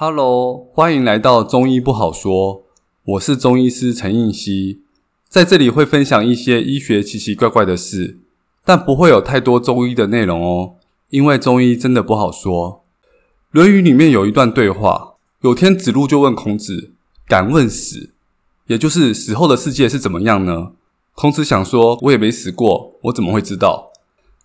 哈嘍，歡迎來到中醫不好說。我是中醫師陳應希，在這裡會分享一些醫學奇奇怪怪的事，但不會有太多中醫的內容哦，因為中醫真的不好說。《論語》裡面有一段對話，有天子路就問孔子：“敢問死，也就是死後的世界是怎麼樣呢？”孔子想說：“我也沒死過，我怎麼會知道？”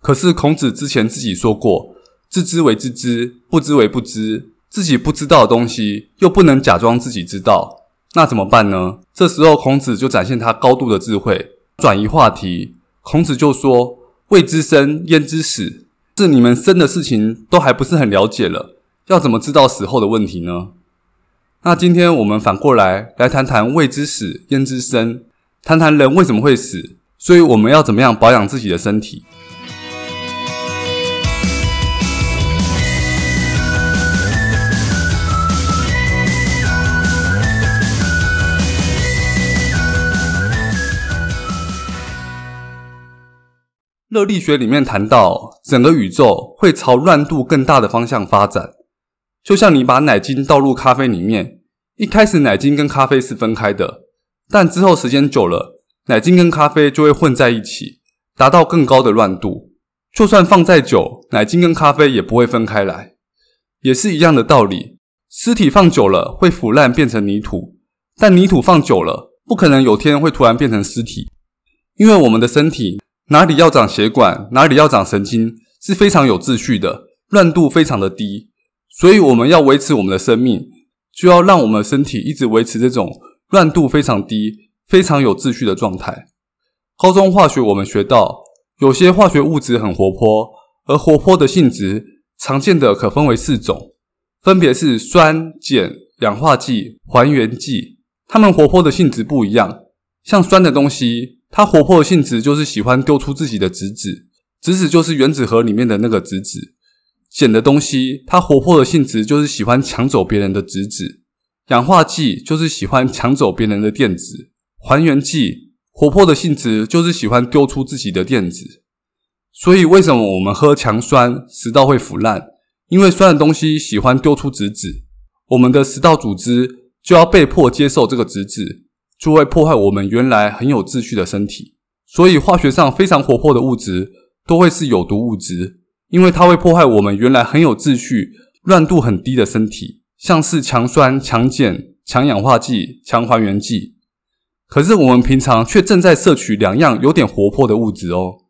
可是孔子之前自己說過：“知之為知之，不知為不知。”自己不知道的東西，又不能假裝自己知道，那怎麼辦呢？這時候，孔子就展現他高度的智慧，轉移話題。孔子就說：“未知生，焉知死？是你們生的事情都還不是很了解了，要怎麼知道死後的問題呢？”那今天我們反過來來談談“未知死，焉知生”，談談人為什麼會死，所以我們要怎麼樣保養自己的身體。熱力學裡面談到，整個宇宙會朝亂度更大的方向發展。就像你把奶精倒入咖啡裡面，一開始奶精跟咖啡是分開的，但之後時間久了，奶精跟咖啡就會混在一起，達到更高的亂度。就算放再久，奶精跟咖啡也不會分開來。也是一樣的道理，屍體放久了會腐爛變成泥土，但泥土放久了，不可能有天會突然變成屍體，因為我們的身體。哪裡要長血管，哪裡要長神經，是非常有秩序的，亂度非常的低。所以我們要維持我們的生命，就要讓我們的身體一直維持這種亂度非常低、非常有秩序的狀態。高中化學我們學到，有些化學物質很活潑，而活潑的性質常見的可分為四種，分別是酸、鹼、氧化劑、還原劑。它們活潑的性質不一樣，像酸的東西。它活潑的性質就是喜歡丟出自己的質子，質子就是原子核裡面的那個質子。鹼的東西，它活潑的性質就是喜歡搶走別人的質子。氧化劑就是喜歡搶走別人的電子，還原劑活潑的性質就是喜歡丟出自己的電子。所以，為什麼我們喝強酸，食道會腐爛？因為酸的東西喜歡丟出質子，我們的食道組織就要被迫接受這個質子。就會破壞我們原來很有秩序的身體，所以化學上非常活潑的物質都會是有毒物質，因為它會破壞我們原來很有秩序、亂度很低的身體。像是強酸、強鹼、強氧化劑、強還原劑。可是我們平常卻正在攝取兩樣有點活潑的物質哦，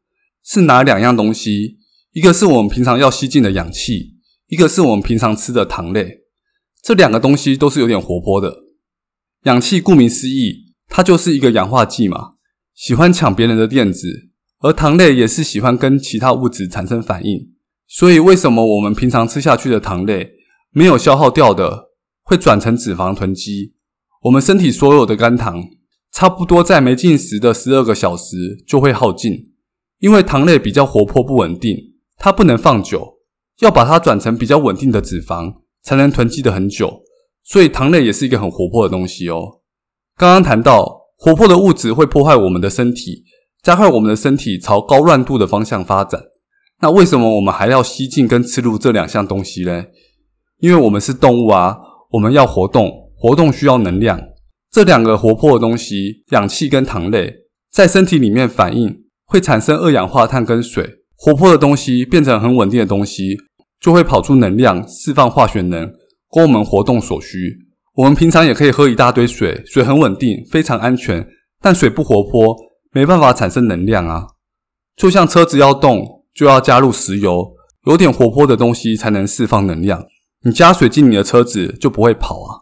是哪兩樣東西？一個是我們平常要吸進的氧氣，一個是我們平常吃的糖類。這兩個東西都是有點活潑的。氧氣顧名思義，它就是一個氧化劑嘛，喜歡搶別人的電子。而糖類也是喜歡跟其他物質產生反應。所以為什麼我們平常吃下去的糖類沒有消耗掉的，會轉成脂肪囤積？我們身體所有的肝糖差不多在沒進食的十二個小時就會耗盡，因為糖類比較活潑不穩定，它不能放久，要把它轉成比較穩定的脂肪，才能囤積得很久。所以糖類也是一個很活潑的東西哦。剛剛談到活潑的物質會破壞我們的身體，加快我們的身體朝高亂度的方向發展。那為什麼我們還要吸進跟吃入這兩項東西呢？因為我們是動物啊，我們要活動，活動需要能量。這兩個活潑的東西，氧氣跟糖類，在身體裡面反應，會產生二氧化碳跟水。活潑的東西變成很穩定的東西，就會跑出能量，釋放化學能。供我們活動所需，我們平常也可以喝一大堆水，水很穩定，非常安全，但水不活潑，沒辦法產生能量啊。就像車子要動就要加入石油，有點活潑的東西才能釋放能量。你加水進你的車子就不會跑啊。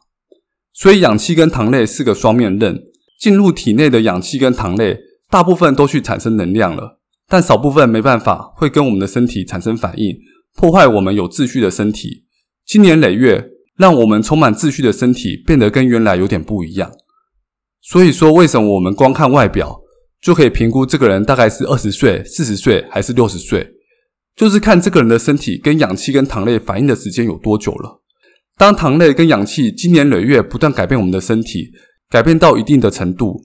所以氧氣跟糖類是個雙面刃，進入體內的氧氣跟糖類大部分都去產生能量了，但少部分沒辦法會跟我們的身體產生反應，破壞我們有秩序的身體。經年累月，讓我們充滿秩序的身體變得跟原來有點不一樣。所以說，為什麼我們光看外表就可以評估這個人大概是二十歲、四十歲還是六十歲？就是看這個人的身體跟氧氣跟糖類反應的時間有多久了。當糖類跟氧氣經年累月不斷改變我們的身體，改變到一定的程度，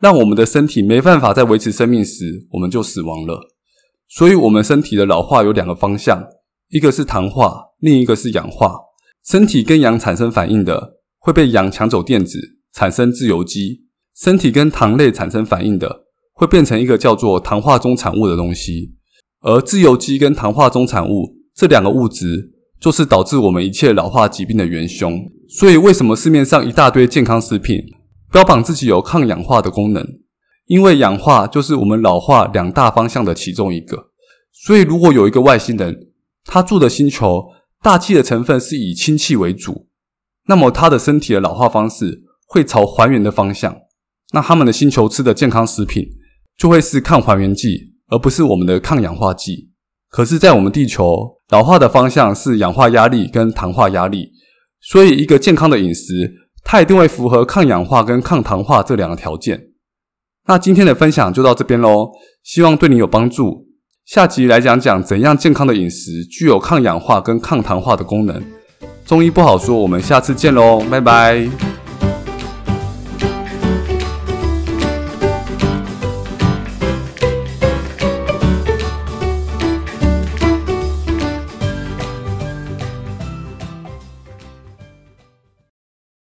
讓我們的身體沒辦法再維持生命時，我們就死亡了。所以，我們身體的老化有兩個方向：一個是糖化，另一個是氧化。身體跟氧產生反應的，會被氧搶走電子，產生自由基；身體跟糖類產生反應的，會變成一個叫做糖化終產物的東西。而自由基跟糖化終產物這兩個物質，就是導致我們一切老化疾病的元凶。所以，為什麼市面上一大堆健康食品標榜自己有抗氧化的功能？因為氧化就是我們老化兩大方向的其中一個。所以，如果有一個外星人，他住的星球，大氣的成分是以氫氣為主，那麼它的身體的老化方式會朝還原的方向。那他們的星球吃的健康食品就會是抗還原劑，而不是我們的抗氧化劑。可是，在我們地球，老化的方向是氧化壓力跟糖化壓力，所以一個健康的飲食，它一定會符合抗氧化跟抗糖化這兩個條件。那今天的分享就到這邊嘍，希望對你有幫助。下集來講講怎樣健康的飲食具有抗氧化跟抗糖化的功能。中醫不好說，我們下次見嘍，拜拜。